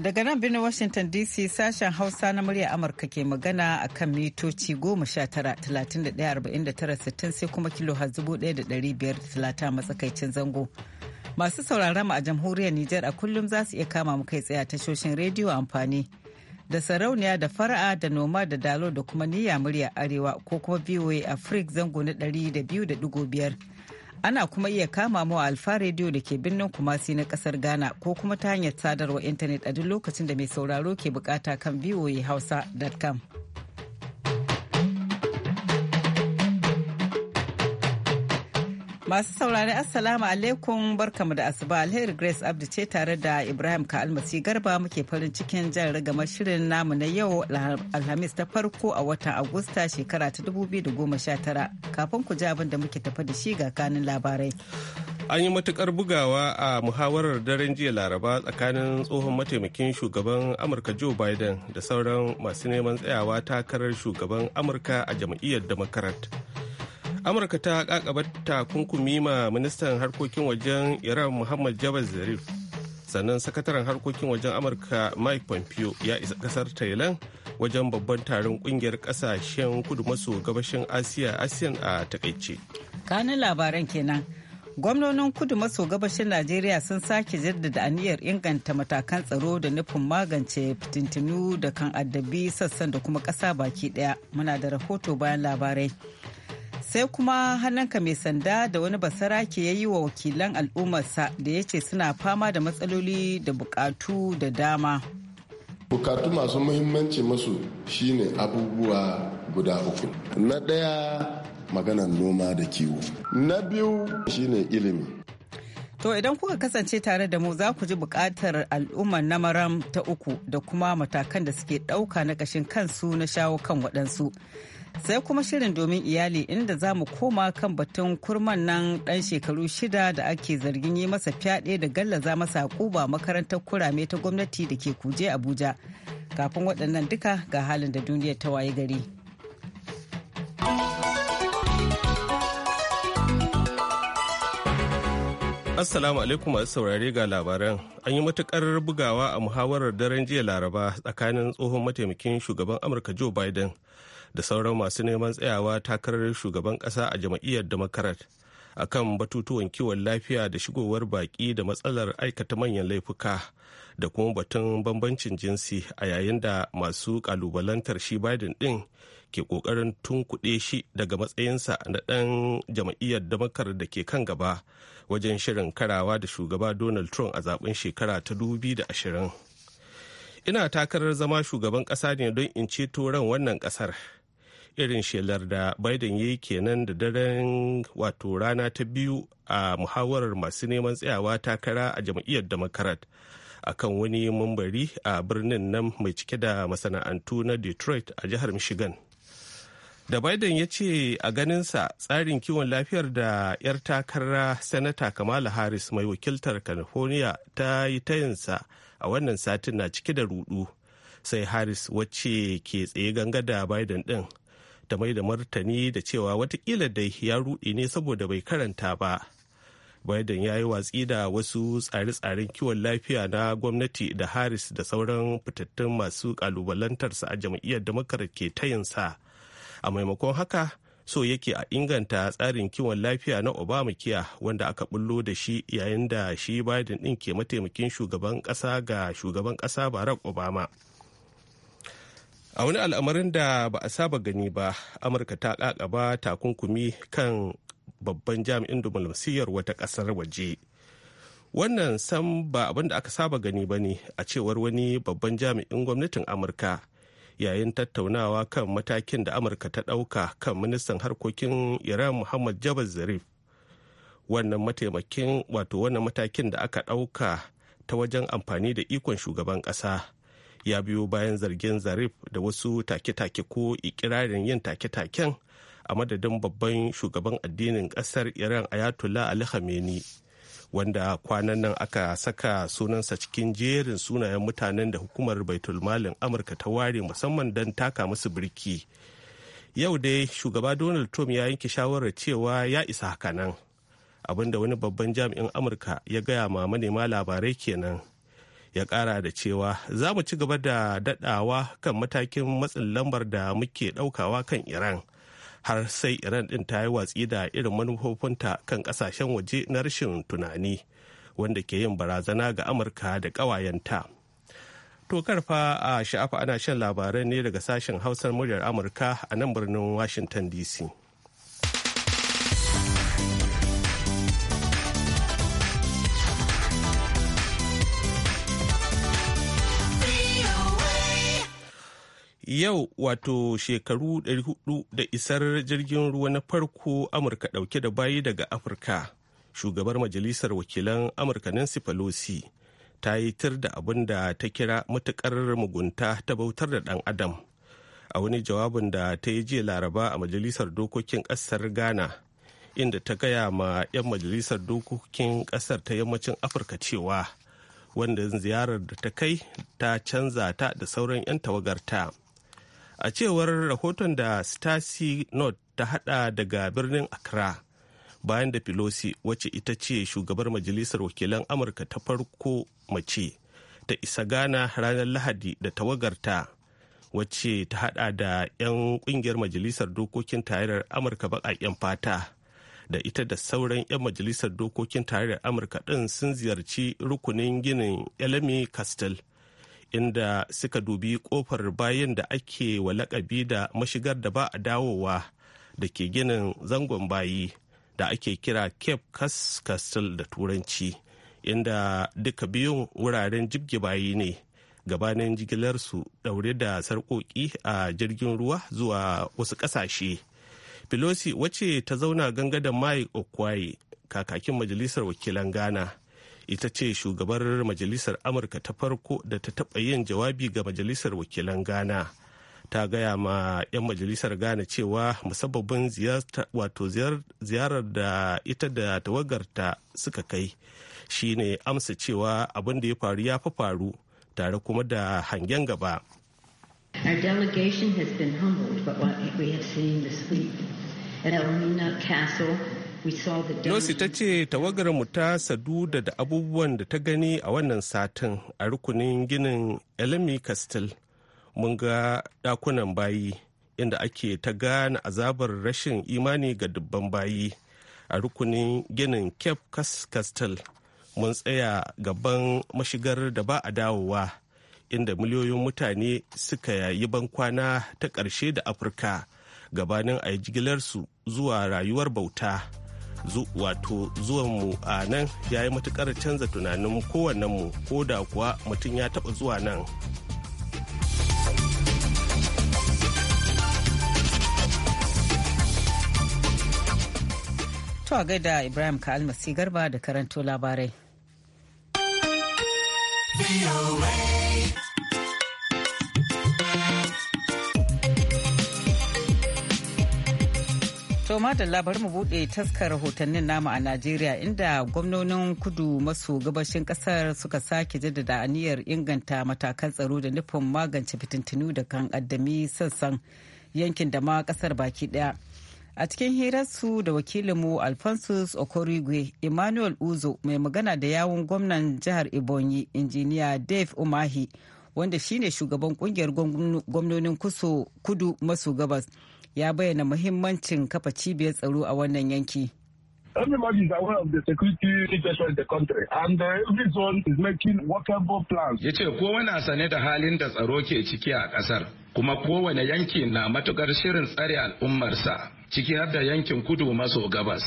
Daga nan birnin Washington DC sashen Hausa na murya Amurka ke magana a kan mitoci 19,31,49,60 sai kuma kilo a matsakaicin zango. Masu sauraron mu a jamhuriyar Nijar a kullum za su iya kama mu kai tsaye a tashoshin rediyo amfani da sarauniya da fara'a da noma da dalo da kuma niyya murya arewa ko kuma VOA Africa zango na 200.5 ana kuma iya kama mu alfa rediyo da ke birnin kumasi na kasar ghana ko kuma ta hanyar sadarwa intanet a duk lokacin da mai sauraro ke bukata kan voahausa.com Masu saurari Assalamu alaikum barkamu da asuba alheri Grace abdu ce tare da Ibrahim ka almasi Garba muke farin cikin jan rigamar shirin namu na yau Alhamis ta farko a watan Agusta shekara ta 2019 kafin ku ji abin da muke tafa da shi ga kanin labarai. An yi matukar bugawa a muhawarar daren jiya Laraba tsakanin tsohon mataimakin shugaban Amurka Joe Biden da sauran masu neman tsayawa takarar shugaban Amurka a jam'iyyar Democrat. amurka ta kakaba takunkumi ma ministan harkokin wajen iran muhammad jabal zarif sannan sakataren harkokin wajen amurka mike pompeo ya isa kasar thailand wajen babban taron kungiyar kasashen kudu maso gabashin asiya asiyan a takaice kanin labaran kenan gwamnonin kudu maso gabashin najeriya sun sake jaddada aniyar inganta matakan tsaro da nufin magance fitintinu da kan addabi sassan da kuma kasa baki daya muna da rahoto bayan labarai sai kuma hannunka mai sanda da wani basara ke yayi wa wakilan al'ummarsa da ya ce suna fama da matsaloli da bukatu da dama bukatu masu muhimmanci masu shine abubuwa guda uku na ɗaya maganan noma da kiwo na biyu shine ilimi To idan kuka kasance tare da mu za ku ji bukatar al'ummar namaram ta uku da kuma matakan da suke ɗauka na ƙashin kansu na shawo kan waɗansu. sai kuma shirin domin iyali inda za mu koma kan batun kurman nan dan shekaru shida da ake zargin yi masa fyaɗe da gallaza masa kuba makarantar kurame ta gwamnati da ke kuje abuja kafin waɗannan duka ga halin da duniyar ta waye gari Assalamu alaikum masu saurare ga labaran. An yi matukar bugawa a muhawarar daren jiya Laraba tsakanin tsohon mataimakin shugaban Amurka Joe Biden da sauran masu neman tsayawa takarar shugaban kasa a jam'iyyar democrat a kan batutuwan kiwon lafiya da shigowar baƙi da matsalar aikata manyan laifuka da kuma batun bambancin jinsi a yayin da masu ƙalubalantar shi biden ɗin ke ƙoƙarin tunkuɗe shi daga matsayinsa na ɗan jam'iyyar damakar da ke kan gaba wajen shirin karawa da shugaba donald trump a zaben shekara ta ashirin ina takarar zama shugaban ƙasa ne don in ceto ran wannan ƙasar irin shelar da biden ya yi kenan da daren wato rana ta biyu a muhawarar masu neman tsayawa takara a jam'iyyar democrat a kan wani mambari a birnin nan mai cike da masana'antu na detroit a jihar michigan da biden ya ce a ganinsa tsarin kiwon lafiyar da 'yar takara senata kamala harris mai wakiltar california ta yi tayinsa a wannan satin na cike da rudu sai harris wacce ke tsaye ganga da biden din da mai da martani da cewa watakila dai ya ruɗe ne saboda bai karanta ba biden ya yi watsi da wasu tsare-tsaren kiwon lafiya na gwamnati da harris da sauran fitattun masu kalubalantarsa a jam'iyyar democrat ke tayinsa a maimakon haka so yake a inganta tsarin kiwon lafiya na obama kiya wanda aka bullo da shi yayin da shi biden din ke mataimakin shugaban kasa ga shugaban kasa barack obama a wani al'amarin da ba a saba gani ba amurka ta kakaba takunkumi kan babban jami'in diplomasiyar wata ƙasar waje wannan san ba abin da aka saba gani ba ne a cewar wani babban jami'in gwamnatin amurka yayin tattaunawa kan matakin da amurka ta ɗauka kan ministan harkokin iran muhammad jabal zarif wannan mataimakin wato wannan matakin da aka ɗauka ta wajen amfani da ikon shugaban ƙasa ya biyo bayan zargin zarif da wasu take-take ko ikirarin yin take-taken a madadin babban shugaban addinin kasar iran ayatollah ali khamenei wanda kwanan nan aka saka sunansa cikin jerin sunayen mutanen da hukumar baitulmalin amurka ta ware musamman don taka musu birki yau dai shugaba donald trump ya yanke shawarar cewa ya isa hakanan abinda wani babban jami'in amurka ya gaya ma manema labarai kenan ya kara da cewa za mu ci gaba da daɗawa kan matakin matsin lambar da muke ɗaukawa kan iran har sai iran ɗin ta yi watsi da irin manufofinta kan ƙasashen waje na rashin tunani wanda ke yin barazana ga amurka da ƙawayenta to karfa a sha'afa ana shan labarai ne daga sashen hausar muryar amurka a nan birnin washington dc yau wato shekaru 400 da isar jirgin ruwa na farko amurka dauke da bayi daga afirka shugabar majalisar wakilan amurka nancy pelosi ta yi tir da abin da ta kira matukar mugunta ta bautar da dan adam a wani jawabin da ta yi jiya laraba a majalisar dokokin kasar ghana inda ta gaya ma 'yan majalisar dokokin kasar ta yammacin afirka cewa wanda ziyarar da ta kai ta canza ta da sauran 'yan tawagarta. a cewar rahoton da stasi not ta hada daga birnin accra bayan da pelosi wacce ita ce shugabar majalisar wakilan amurka ta farko mace ta isa gana ranar lahadi da tawagarta wacce ta hada da 'yan kungiyar majalisar dokokin tarayyar amurka baƙaƙen fata da ita da sauran 'yan majalisar dokokin tarayyar amurka ɗin sun ziyarci rukunin ginin elemi castle inda suka dubi kofar bayan da ake wa lakabi da mashigar da ba a dawowa da ke ginin zangon bayi da ake kira cape castle da turanci inda duka biyun wuraren jibge bayi ne gabanin jigilarsu daure da sarkoki a jirgin ruwa zuwa wasu ƙasashe pelosi wace ta zauna gangadan mai okwaye kakakin majalisar wakilan ghana ita ce shugabar majalisar amurka ta farko da ta taɓa yin jawabi ga majalisar wakilan ghana ta gaya ma 'yan majalisar ghana cewa musabbabin ziyarar da ita da tawagarta suka kai shine amsa cewa abin da ya faru ya fa faru tare kuma da hangen gaba Our delegation has been humbled by what we have seen this week. At Elmina Castle, Nosi ta ce tawagar mu ta saduda da abubuwan da ta gani a wannan satin a rukunin ginin Elmi Castle. Mun ga dakunan bayi inda ake ta gane azabar rashin imani ga dubban bayi a rukunin ginin Cape Castle. Mun tsaya gaban mashigar da ba a dawowa inda miliyoyin mutane suka yi bankwana ta ƙarshe da Afirka gabanin a yi jigilarsu zuwa rayuwar bauta. wato zuwan mu a nan ya yi matukar canza tunanin mu ko da kuwa mutum ya taɓa zuwa nan To a gaida Ibrahim ka almasi garba da karanto labarai. To da bari mu bude taskar rahotannin namu a Najeriya inda gwamnonin kudu maso gabashin kasar suka sake jaddada aniyar inganta matakan tsaro da nufin magance fitintunu da kan addami sassan yankin da ma kasar baki daya A cikin hirarsu da wakilinmu Alphonsus Okorigwe, Emmanuel Uzo mai magana da yawun gwamnan jihar Ebonyi, injiniya Dave Umahi, wanda shine shugaban kungiyar gwamnonin kudu maso gabas. ya bayyana muhimmancin kafa cibiyar tsaro a wannan yanki. is uh, Ya ce kowane sane da halin da tsaro ke ciki a ƙasar, kuma kowane yanki na matukar shirin tsare al'ummarsa, ciki har da yankin kudu maso gabas.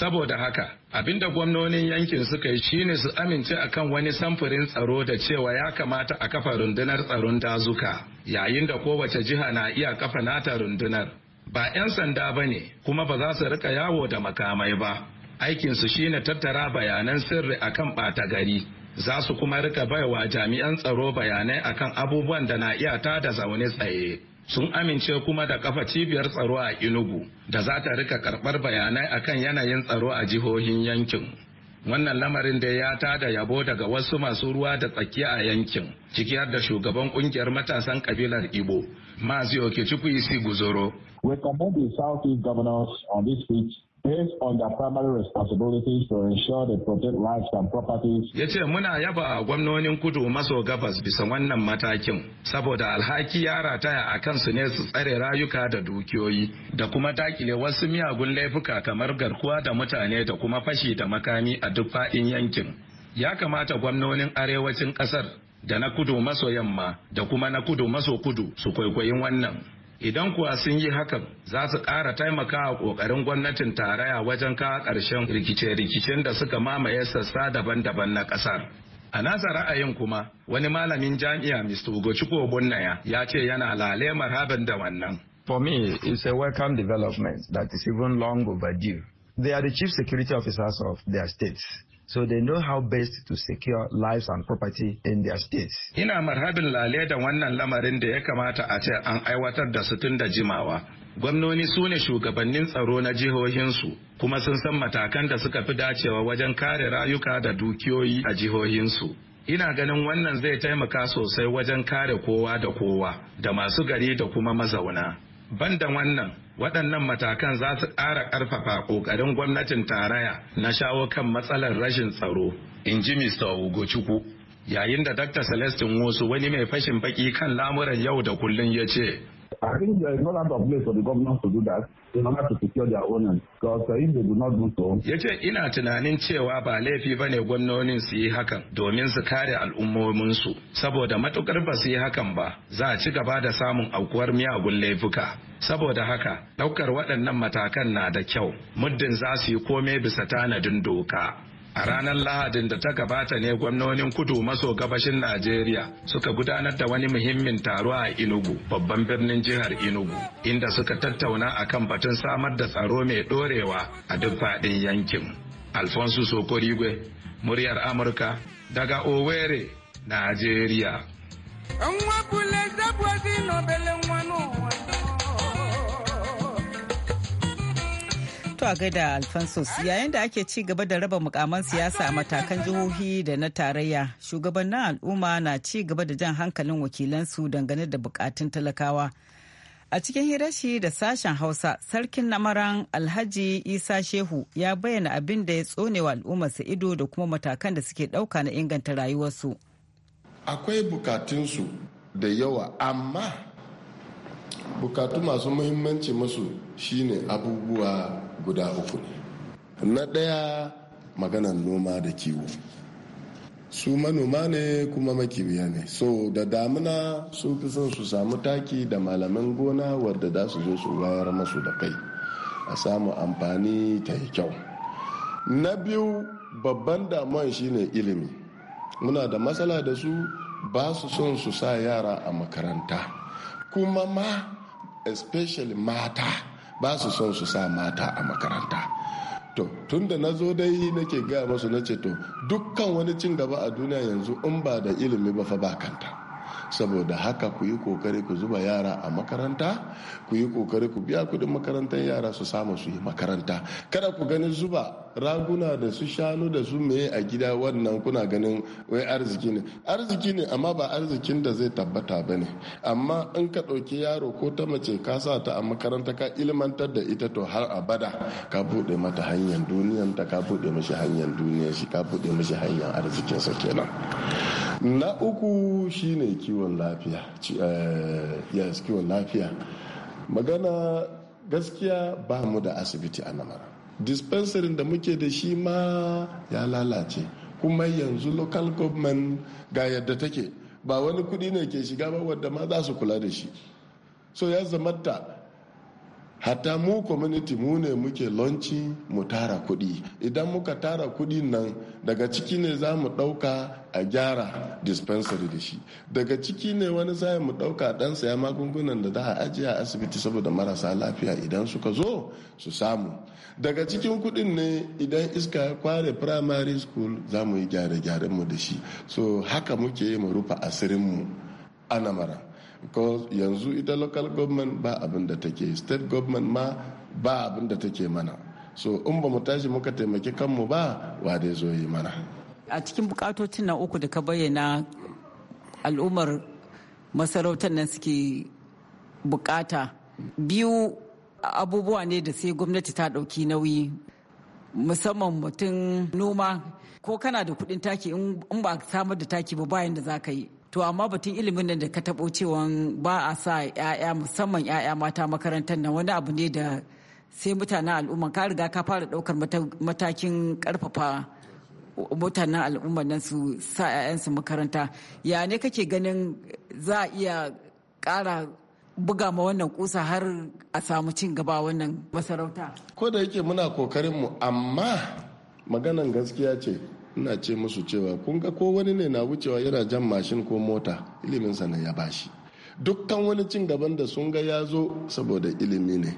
Saboda haka, abinda gwamnonin yankin suka yi shine su amince akan wani samfurin tsaro da cewa ya kamata a kafa rundunar tsaron dazuka, yayin da kowace jiha na iya kafa nata rundunar. ba 'yan sanda ba ne kuma ba za su rika yawo da makamai ba aikinsu shine tattara bayanan sirri akan ɓata gari za su kuma rika baiwa jami'an tsaro bayanai akan abubuwan da na iya ta da zaune tsaye sun amince kuma da kafa cibiyar tsaro a inugu da za ta rika karɓar bayanai akan yanayin tsaro a jihohin yankin wannan lamarin da ya da yabo daga wasu masu ruwa da tsakiya a yankin ciki har da shugaban kungiyar matasan kabilar ibo mazi okechukwu isi guzoro We the Southeast governors on this speech based on their primary responsibilities to ensure they protect lives and properties. Ya ce muna yaba gwamnonin kudu maso gabas bisa wannan matakin saboda alhaki ya rataya a kansu ne su tsare rayuka da dukiyoyi da kuma dakile wasu miyagun laifuka kamar garkuwa da mutane da kuma fashi da makami a duk faɗin yankin. Ya kamata gwamnonin arewacin ƙasar da na kudu maso yamma da kuma na kudu maso kudu su kwaikwayin wannan. Idan kuwa sun yi hakan za su ƙara taimakawa ƙoƙarin gwamnatin tarayya wajen kawo ƙarshen rikice-rikicen da suka mamaye sassa daban-daban na ƙasar. A nasa ra'ayin kuma wani malamin jami'a Mr. Ugochukwu Ogbonnaya ya ce yana lalemar habin da wannan. For me, it's a welcome development that is even long overdue. They are the chief security officers of their states. so they know how best to secure lives and property in their states. Ina marhabin lale da wannan lamarin da ya kamata a ce an aiwatar da su tun da jimawa. Gwamnoni su ne shugabannin tsaro na jihohinsu kuma sun san matakan da suka fi dacewa wajen kare rayuka da dukiyoyi a jihohinsu. Ina ganin wannan zai taimaka sosai wajen kare kowa da kowa da masu gari da kuma mazauna. Banda wannan, waɗannan matakan za su ƙara ƙarfafa ƙoƙarin gwamnatin tarayya na shawo kan matsalar rashin tsaro in ji mr ugochukwu yayin da dr celestin wasu wani mai fashin baki kan lamuran yau da kullum ya ce I think it's of place for the government to do that in order to secure their own because uh, if they do not do so. Ya ce ina tunanin cewa ba laifi ba ne gwamnonin su yi hakan domin su kare al'ummominsu saboda matukar ba su yi hakan ba za a ci gaba da samun aukuwar miyagun laifuka. Saboda haka, ɗaukar waɗannan matakan na da kyau, muddin za su yi komai bisa tanadin doka. A ranar Lahadin da ta gabata ne gwamnonin kudu maso gabashin Najeriya suka gudanar da wani muhimmin taro a inugu babban birnin jihar inugu. inda suka tattauna a kan batun samar da tsaro mai dorewa a duk faɗin yankin. Alfonso Sokorigwe, muryar Amurka, daga Owerri, Najeriya. To a gaida Alphonsus yayin da ake ci gaba da raba mukaman siyasa a matakan jihohi da na tarayya shugabannin al'umma na ci gaba da jan hankalin wakilansu dangane da bukatun talakawa. A cikin hirashi da sashen Hausa, sarkin namaran Alhaji Isa Shehu ya bayyana abin da ya tsone wa al'ummarsa ido da kuma matakan da suke ɗauka na inganta rayuwarsu. Akwai bukatunsu da yawa, amma bukatu masu muhimmanci masu shine abubuwa guda uku ne na ɗaya maganan noma da kiwo su manoma ne kuma makibiya ne so da damuna sun fi son su samu taki da malaman gona wadda za su zo su wayar masu da kai a samu amfani ta yi kyau na biyu babban damuwan shine ilimi muna da matsala da su ba su son su sa yara a makaranta kuma ma especially mata ba su son su sa mata a makaranta to tun da na zo dai nake gaya masu na ce to dukkan wani cin gaba a duniya yanzu in ba da ilimi ba fa ba kanta saboda haka ku yi kokari ku zuba yara a makaranta ku yi kokari ku biya kudin makarantar yara su samu su yi makaranta kada ku gani zuba raguna da su shanu da su meye a gida wannan kuna ganin wai arziki ne arziki ne amma ba arzikin da zai tabbata ba ne amma in ka ɗauki yaro ko ta mace ka sa ta a makaranta ka ilmantar da ita to har abada ka buɗe mata hanyar duniyan ta ka buɗe mashi hanyar duniyar shi ka buɗe mashi hanyar arzikinsa kenan na uku shine kiwon lafiya eh, yes kiwon lafiya magana gaskiya ba mu da asibiti a namara dispensarin da muke da shi ma ya lalace kuma yanzu local government ga yadda take ba wani kudi ne ke shiga ba wadda ma za su kula da shi so ya zamanta hatta mu community mu ne muke launching mu tara kuɗi idan muka tara kuɗi nan daga ciki ne za mu ɗauka a gyara dispensary da shi daga ciki ne wani sai mu ɗauka ɗan saya magungunan da za a ajiye a asibiti saboda marasa lafiya idan suka zo su samu daga cikin kuɗin ne idan iska ya kware primary school za mu yi gyare-gyaren mu da shi so haka muke mu rufe asirin mu ana mara yanzu ita local government ba abin da take state government ma ba abin da take mana so in ba mu tashi muka taimaki kanmu ba wa dai zo yi mana a cikin bukatocin na uku da ka bayyana al'ummar masarautar nan suke bukata biyu abubuwa ne da sai gwamnati ta ɗauki nauyi musamman mutum noma ko kana da kuɗin taki in ba samar da taki ba bayan da za ka yi to amma batun ilimin nan da ka taɓo cewa ba a sa 'ya'ya musamman 'ya'ya mata makarantar nan wani abu ne da sai mutanen al'umma ka riga ka fara ɗaukar matakin ƙarfafa mutanen al'umma nan su sa 'ya'yansu makaranta ya ne kake ganin za a iya ƙara buga ma wannan kusa har a samu cin gaba wannan masarauta ko da yake muna kokarin amma maganan gaskiya ce ina ce musu cewa kun ga ko wani ne na wucewa yana jan mashin ko mota ilimin sa ya bashi dukkan wani cin gaban da sun ga ya zo saboda ilimi ne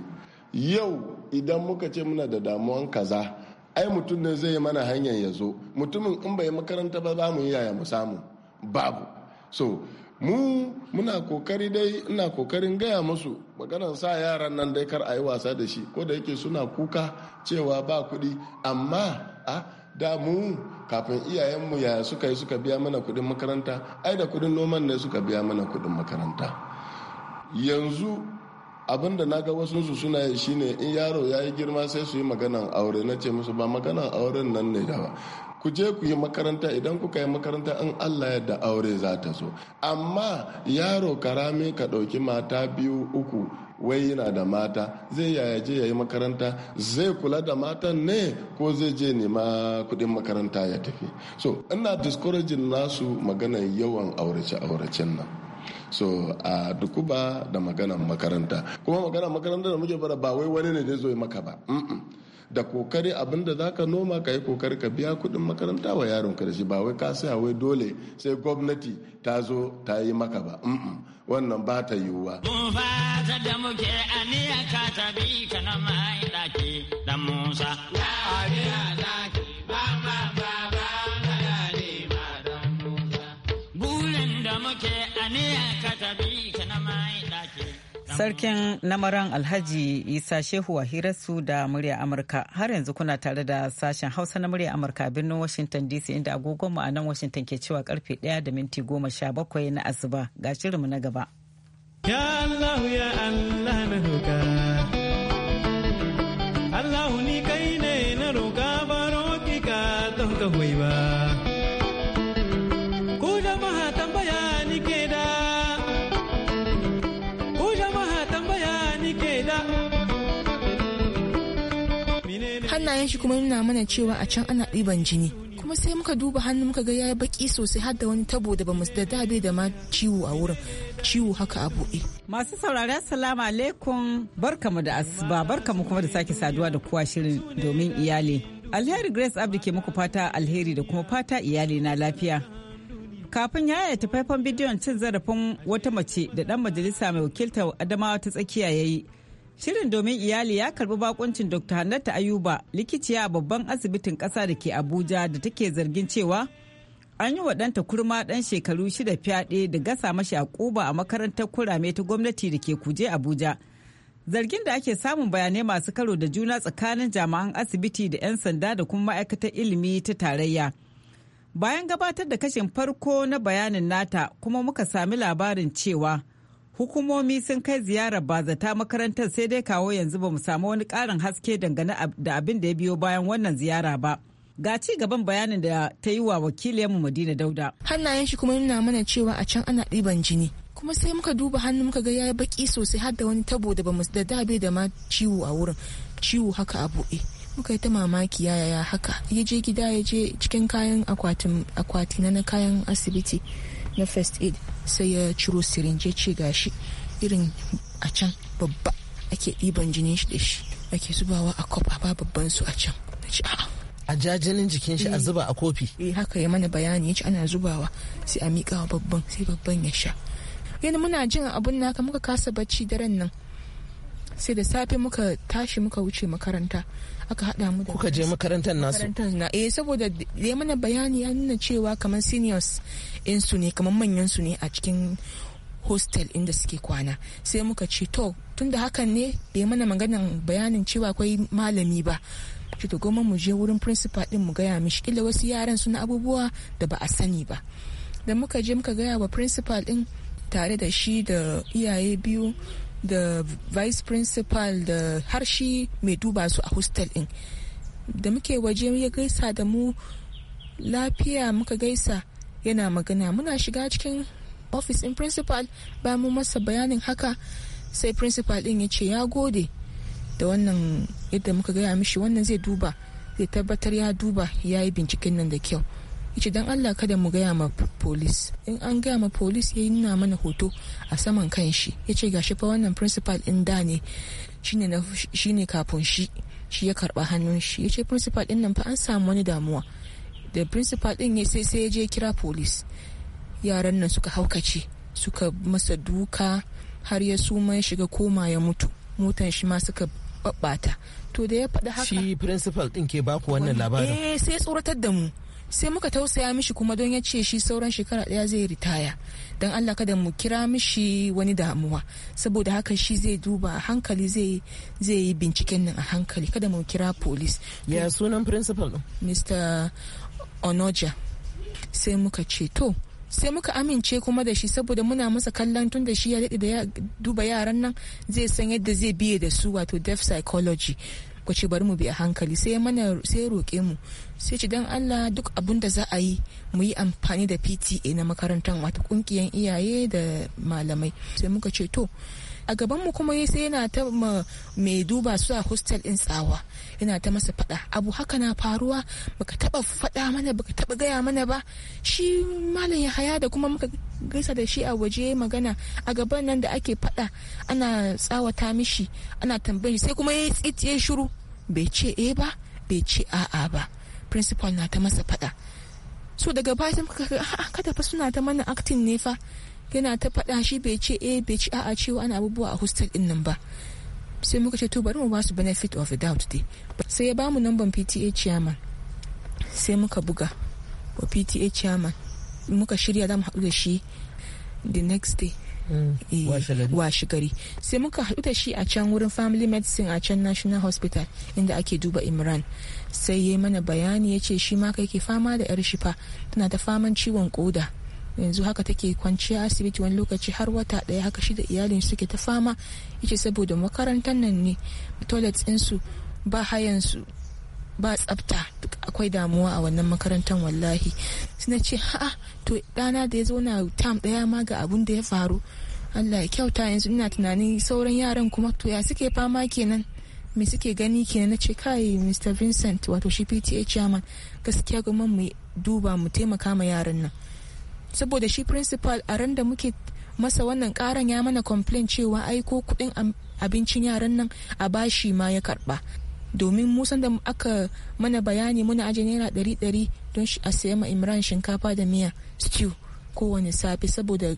yau idan muka ce muna da damuwan kaza ai mutum ne zai yi mana hanyar ya zo mutumin in bai makaranta ba za mu yaya mu samu babu so mu muna kokari dai ina kokarin gaya musu maganar sa yaran nan dai kar a yi wasa da shi ko da yake suna kuka cewa ba kuɗi amma da mu kafin iyayenmu yaya suka yi suka biya mana kudin makaranta ai da kudin noman ne suka biya mana kudin makaranta yanzu abinda na ga wasu su suna yi shine in yaro ya yi girma sai su yi maganan aure na ce musu ba maganan auren nan ne da ba ku je ku yi makaranta idan kuka yi makaranta in allah yadda aure za ta zo amma yaro karami ka ɗauki mata biyu uku wai yana da mata zai yaya je ya yi makaranta zai kula da matan ne ko zai je nema kuɗin makaranta ya tafi so ina discouraging nasu magana yawan aurace-auracen nan so a uh, dukuba da maganan makaranta kuma maganan makaranta da muke fara ba wai wani ne zai zo maka ba mm da kokari abin da za ka noma ka yi kokari ka biya kudin makaranta wa yaron ka da shi ba wai ka saya wai dole sai gwamnati ta zo ta yi maka ba wannan ba ta yiwuwa. Sarkin namaran Alhaji Isa Shehu a hirarsu da murya Amurka har yanzu kuna tare da sashen Hausa na murya Amurka birnin Washington DC inda agogonmu a nan Washington ke cewa karfe 1 da minti 17 na asuba ga shirinmu na gaba. Ya Allah ya Allah na roka. Allah ni kai ne na roka baro ki ka don ka ba. bayan shi kuma nuna mana cewa a can ana ɗiban jini kuma sai muka duba hannu muka ga ya yi baki sosai har da wani tabo da bamu da dabe da ma ciwo a wurin ciwo haka a buɗe. Masu sauraron salamu alaikum barkamu da asuba barkamu kuma da sake saduwa da kowa shirin domin iyali. Alheri Grace Abdi ke muku fata alheri da kuma fata iyali na lafiya. Kafin ya ta faifan bidiyon cin zarafin wata mace da ɗan majalisa mai wakiltar Adamawa ta tsakiya ya yi Shirin domin iyali ya karbi bakuncin Dr. Hannatu Ayuba likiciya a babban asibitin ƙasa da ke Abuja da take zargin cewa an yi wa ɗanta kurma ɗan shekaru shida fyaɗe da gasa mashi a ƙuba a makarantar kurame ta gwamnati da ke kuje Abuja. Zargin da ake samun bayanai masu karo da juna tsakanin jami'an asibiti da 'yan sanda da kuma ma'aikatar ilimi ta tarayya. Bayan gabatar da kashin farko na bayanin nata kuma muka sami labarin cewa hukumomi sun kai ziyarar zata makarantar sai dai kawo yanzu ba mu samu wani karin haske dangane da abin da ya biyo bayan wannan ziyara ba. ga ci gaban bayanin da ta yi wa wakiliyarmu madina dauda hannayen shi kuma nuna mana cewa a can ana ɗiban jini kuma sai muka duba hannu muka ga yayi baki sosai har da wani tabo da bamu da dabe da ma ciwo a wurin ciwo haka a buɗe muka yi ta mamaki yaya haka ya je gida ya je cikin kayan akwatin na kayan asibiti na first aid sai ya ciro sirinje ce gashi irin a can babba ake ɗiban jinin shi da shi ake zubawa a kwab a ba babban su a can a jajalin jikin shi a eh. zuba a kofi eh haka ya mana bayani ya ce ana zubawa sai a miƙa wa babban sai babban ya sha yana muna jin abun naka muka kasa bacci daren nan sai da safe muka tashi muka wuce makaranta aka haɗa mu da kuka je makarantar nasu na eh saboda ya mana bayani ya nuna cewa kamar seniors in su ne kamar manyan su ne a cikin hostel inda suke kwana sai muka ce to tunda hakan ne ya mana maganan bayanin cewa akwai malami ba ki to goma mu je wurin principal din mu gaya mishi kila wasu yaran suna abubuwa da ba a sani ba da muka je muka gaya wa principal din tare da shi da iyaye biyu da vice principal da harshe mai duba su a hostel din da muke waje ya gaisa da mu lafiya muka gaisa yana magana muna shiga cikin office in principal ba mu masa bayanin haka sai principal din ya ce ya gode da wannan yadda muka gaya mishi wannan zai duba zai tabbatar ya duba ya yi binciken nan da kyau yace dan Allah kada mu gaya ma police in an gaya ma police ya nuna mana hoto a saman kan shi yace gashi fa wannan principal din da ne shine na kafin shi shi ya karba hannun shi yace principal din nan fa an samu wani damuwa da principal din ya sai sai ya je kira police yaran nan suka haukace suka masa duka har ya suma ya shiga koma ya mutu motan shi ma suka babbata to da ya faɗi haka shi principal din ke baku wannan labarin eh sai tsoratar da mu sai muka tausaya mishi kuma don ya ce shi sauran shekara daya zai ritaya don allah kada mu kira mishi wani damuwa saboda haka shi zai duba hankali zai yi binciken nan a hankali kada mu kira police ya sunan principal mr onoja sai muka ce to sai muka amince kuma da shi saboda muna masa kallon tun da shi ya daɗe da ya duba yaran nan zai san yadda zai biye da su wato deaf psychology ku ce bari mu bi a hankali sai mana sai roƙe mu sai ci dan Allah duk abun da za a yi mu yi amfani da PTA na makarantar wata kungiyar iyaye da malamai sai muka ce to a gaban mu kuma sai yana ta mai duba su a hostel din tsawa yana ta masa fada abu haka na faruwa baka taba fada mana baka taba gaya mana ba shi malam ya haya da kuma muka gaisa da shi a waje magana a gaban nan da ake fada ana tsawata mishi ana tambayi sai kuma ya tsitiye shiru bai ce eh ba bai ce a'a ba principal na ta masa fada so daga baya sai kada fa suna ta mana acting ne fa yana ta faɗa shi bai ce eh bai ci a'a cewa ana abubuwa a hostel din nan ba sai muka ce to bari mu ba su benefit of the doubt dai sai ya ba mu namban PTA chairman sai muka buga wa PTA chairman muka shirya za mu haɗu da shi the next day hmm. eh, washe gari sai muka haɗu da shi a can wurin family medicine a can national hospital inda ake duba imran sai ya yi mana bayani ya ce shi ma kai ke fama da yar shifa tana ta faman ciwon koda yanzu haka take kwanciya asibiti wani lokaci har wata daya haka shi da iyalin suke ta fama yace saboda makarantar nan ne toilet ɗinsu ba hayansu ba tsafta akwai damuwa a wannan makarantar wallahi suna ce ha'a to dana da ya zauna tam daya ma ga abun da ya faru allah ya kyauta yanzu ina tunanin sauran yaran kuma to ya suke fama kenan me suke gani kenan na ce kai mr vincent wato shi pta chairman gaskiya gwamnati mu duba mu taimaka ma yaran nan saboda shi principal a ran da muke masa wannan karan ya mana complain cewa ai kudin abincin yaran nan a bashi ma ya karba domin musan da aka mana bayani muna aje naira ɗari ɗari don a saya ma imran shinkafa da miya stew kowane safe saboda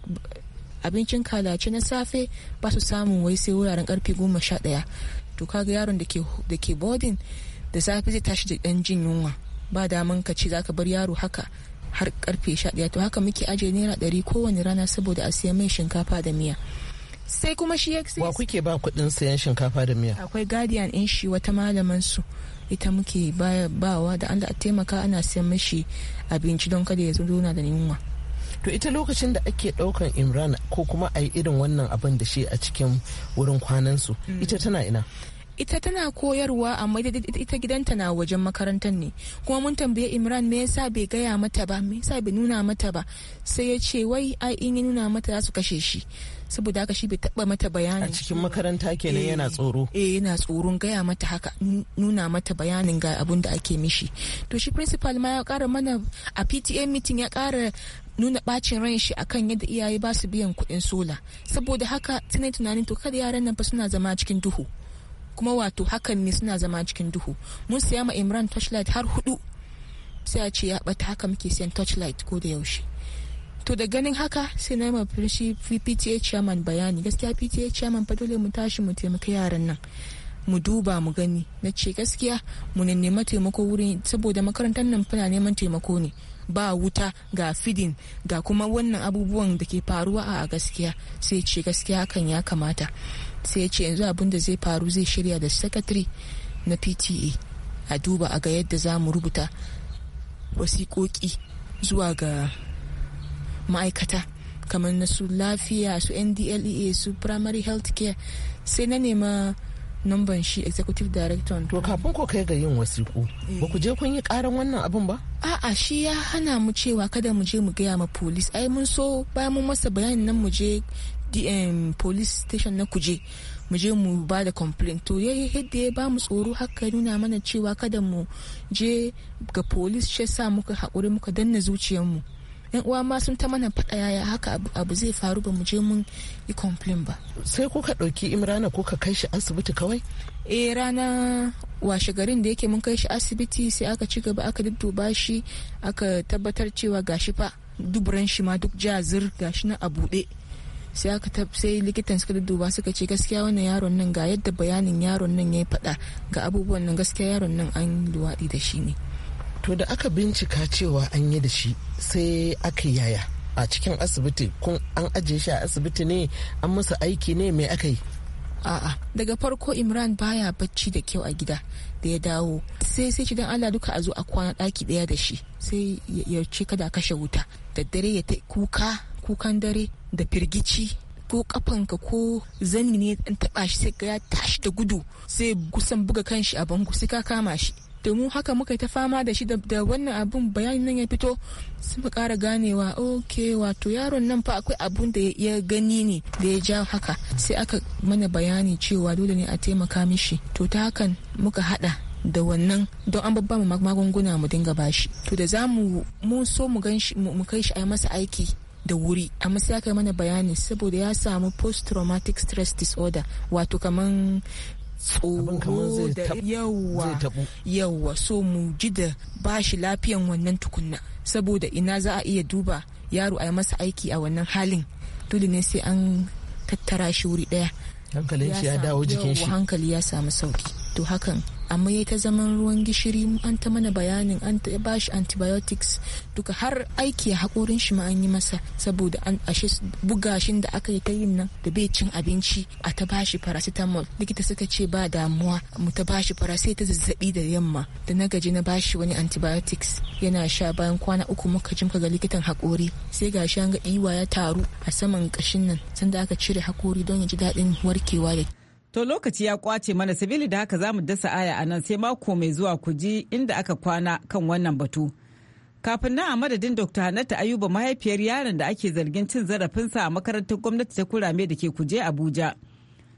abincin kalace na safe ba su samun wai sai wuraren karfe goma sha ɗaya to kaga yaron da ke boarding da safe zai tashi da ɗan jin yunwa ba daman ka ce za ka bar yaro haka har karfe 11 to haka muke ajiye naira 100 kowane rana saboda a siya mai shinkafa da miya sai kuma shi excess wa kuke ba kudin sayan shinkafa da miya akwai guardian in shi wata malaman su ita muke bawa da an da taimaka ana siyan mashi abinci don kada ya zo da yunwa to ita lokacin da ake daukan imran ko kuma a yi irin wannan abin da shi a cikin wurin kwanansu mm. ita tana ina ita tana koyarwa amma ita gidanta na wajen makarantar ne kuma mun tambaye imran me yasa bai gaya mata ba me yasa bai nuna mata ba sai ya ce wai ai in yi nuna mata za su kashe shi saboda haka shi bai taba mata bayanin a cikin makaranta kenan eh. yana tsoro eh yana tsoron gaya mata haka nuna mata bayanin ga abun da ake mishi to shi principal ma ya kara mana a PTA meeting ya kara nuna bacin ran shi akan yadda iyaye ba su biyan kuɗin sola saboda haka tunai tunanin to kada yaran nan fa suna zama cikin duhu kuma wato hakan ne suna zama cikin duhu mun siya ma imran torchlight har hudu sai a ce ya bata haka muke siyan torchlight ko da yaushe to da ganin haka sai na yi shi pta chairman bayani gaskiya pta chairman fa dole mu tashi mu taimaka yaran nan mu duba mu gani na ce gaskiya mu nema taimako wurin saboda makarantar nan fana neman taimako ne ba wuta ga fidin ga kuma wannan abubuwan da ke faruwa a gaskiya sai ce gaskiya hakan ya kamata sai ce yanzu abin da zai faru zai shirya da secretary na pta a duba a ga yadda za mu rubuta wasiƙoƙi zuwa ga ma'aikata kamar na su lafiya su ndlea su primary health care sai na nema numban shi executive director to kafin ko kai ga yin wasiku eh. ba ku je kun yi karan wannan abin ba a'a shi ya hana mu cewa kada mu je mu gaya ma police ai mun so bayan mun masa bayanin nan mu je dm police station na kuje mu je mu ba da complaint to yayi yadda ya ba mu tsoro haka nuna mana cewa kada mu je ga police shi sa muka haƙuri muka danna zuciyarmu yan uwa ma sun ta mana faɗa yaya haka abu zai faru ba mu je mun yi complain ba sai kuka ɗauki imrana kuka kai shi asibiti kawai eh rana washe garin da yake mun kai shi asibiti sai aka ci gaba aka dudduba shi aka tabbatar cewa gashi fa duburan shi ma duk jazir gashi na a buɗe sai aka tab sai likitan suka dudduba suka ce gaskiya wannan yaron nan ga yadda bayanin yaron nan ya faɗa ga abubuwan nan gaskiya yaron nan an luwaɗi da shi ne to da aka bincika cewa an yi da shi sai aka yaya a cikin asibiti kun an ajiye shi a asibiti ne an masa aiki ne mai aka yi a'a daga farko imran baya bacci da kyau a gida da ya dawo sai sai dan allah duka a zo a kwana daki daya da shi sai ya ce kada kashe wuta da dare ya ta kuka kukan dare da firgici ko kafanka ko zani ne dan taba shi sai ya tashi da gudu sai kusan buga kanshi a bango sai ka kama shi domin haka muka ta fama da shi da wannan abun bayanin nan ya fito sun fi kara ganewa ok wato yaron nan fa akwai abun da ya gani ne da ya ja haka sai aka mana bayani cewa dole ne a taimaka mishi to ta hakan muka hada da wannan don an babba mu magunguna mu dinga bashi to da za mu mun so mu kai shi a yi masa aiki da wuri amma sai aka mana bayani saboda ya samu post traumatic stress disorder wato kaman tsoro da yawa yawa so mu ji da ba shi lafiyan wannan tukunna saboda ina za a iya duba yaro a yi masa aiki a wannan halin dole ne sai an tattara shi wuri daya hankalin shi ya dawo jikin shi hankali ya samu sauki to hakan amma ya ta zaman ruwan gishiri an ta mana bayanin an ta ba shi antibiotics duka har aiki a haƙorin shi ma an yi masa saboda an ashe bugashin da aka yi ta yin nan da bai cin abinci a ta ba shi paracetamol likita suka ce ba damuwa mu ta ba shi ta zazzabi da yamma da na gaji na ba shi wani antibiotics yana sha bayan kwana uku muka ji ka ga likitan haƙori sai ga shi an ga iwa ya taru a saman kashin nan sanda aka cire haƙori don ya ji daɗin warkewa da To lokaci ya kwace mana sabili da haka zamu dasa aya a nan sai mako mai zuwa ku ji inda aka kwana kan wannan batu. Kafin nan a madadin Dr. Hannatu Ayuba mahaifiyar yaron da ake zargin cin zarafinsa a makarantar gwamnati ta kurame da ke kuje Abuja.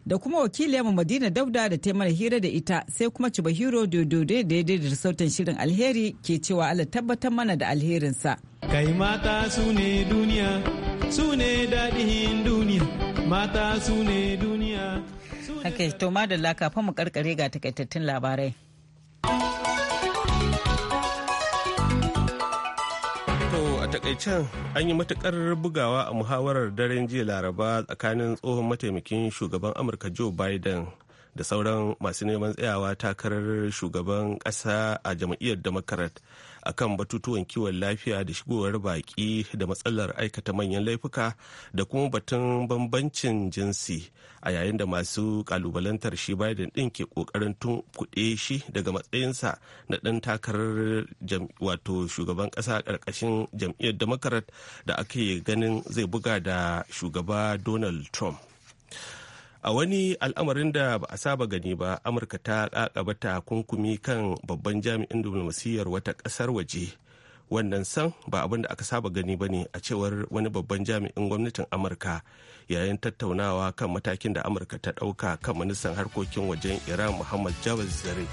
Da kuma wakiliyarmu Madina Dauda da ta mana hira da ita sai kuma Cibahiro Dodode da ya da sautin shirin alheri ke cewa Allah tabbatar mana da alherinsa. Kai mata su ne duniya, su ne daɗin duniya, mata su ne duniya. Haka to madalla kafin mu karkare ga takaitattun labarai. a takaicen an yi matukar bugawa a muhawarar daren jiya laraba tsakanin tsohon mataimakin shugaban amurka joe biden da sauran masu neman tsayawa takarar shugaban kasa a jam'iyyar democrat akan batutuwan kiwon lafiya da shigowar baƙi da matsalar aikata manyan laifuka da kuma batun bambancin jinsi a yayin da masu kalubalantar shi biden din ke kokarin tun kuɗe shi daga matsayinsa na ɗan takarar wato shugaban ƙasa ƙarƙashin jam'iyyar democrat da ake ganin zai buga da shugaba donald trump a wani al'amarin da ba a saba gani ba amurka ta kakaba kunkumi kan babban jami'in diplomasiyyar wata kasar waje wannan san ba abin da aka saba gani ba ne a cewar wani babban jami'in gwamnatin amurka yayin tattaunawa kan matakin da amurka ta ɗauka kan ministan harkokin wajen iran muhammad jawaz zare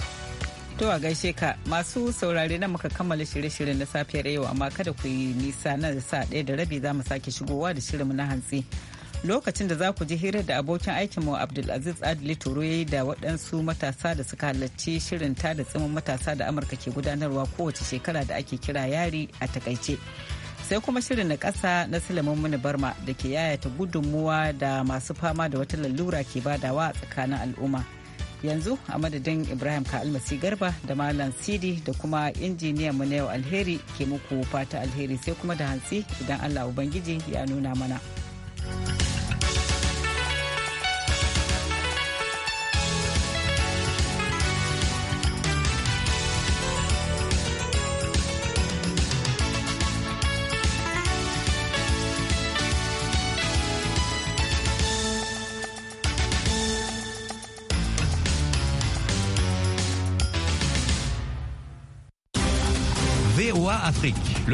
To a gaishe ka masu saurare na muka kammala shirye-shiryen na safiyar yau amma kada ku yi nisa na sa ɗaya da rabi za mu sake shigowa da shirinmu na hantsi. lokacin da za ku ji hira da abokin aikinmu abdulaziz adli toro ya da waɗansu matasa da suka halarci shirin da tsimin matasa da amurka ke gudanarwa kowace shekara da ake kira yari a takaice sai kuma shirin na ƙasa na silamin mini barma da ke yayata gudunmuwa da masu fama da wata lalura ke badawa a tsakanin al'umma yanzu a madadin ibrahim kalmasi garba da malam sidi da kuma injiniyan mu na yau alheri ke muku fata alheri sai kuma da hantsi idan allah ubangiji ya nuna mana.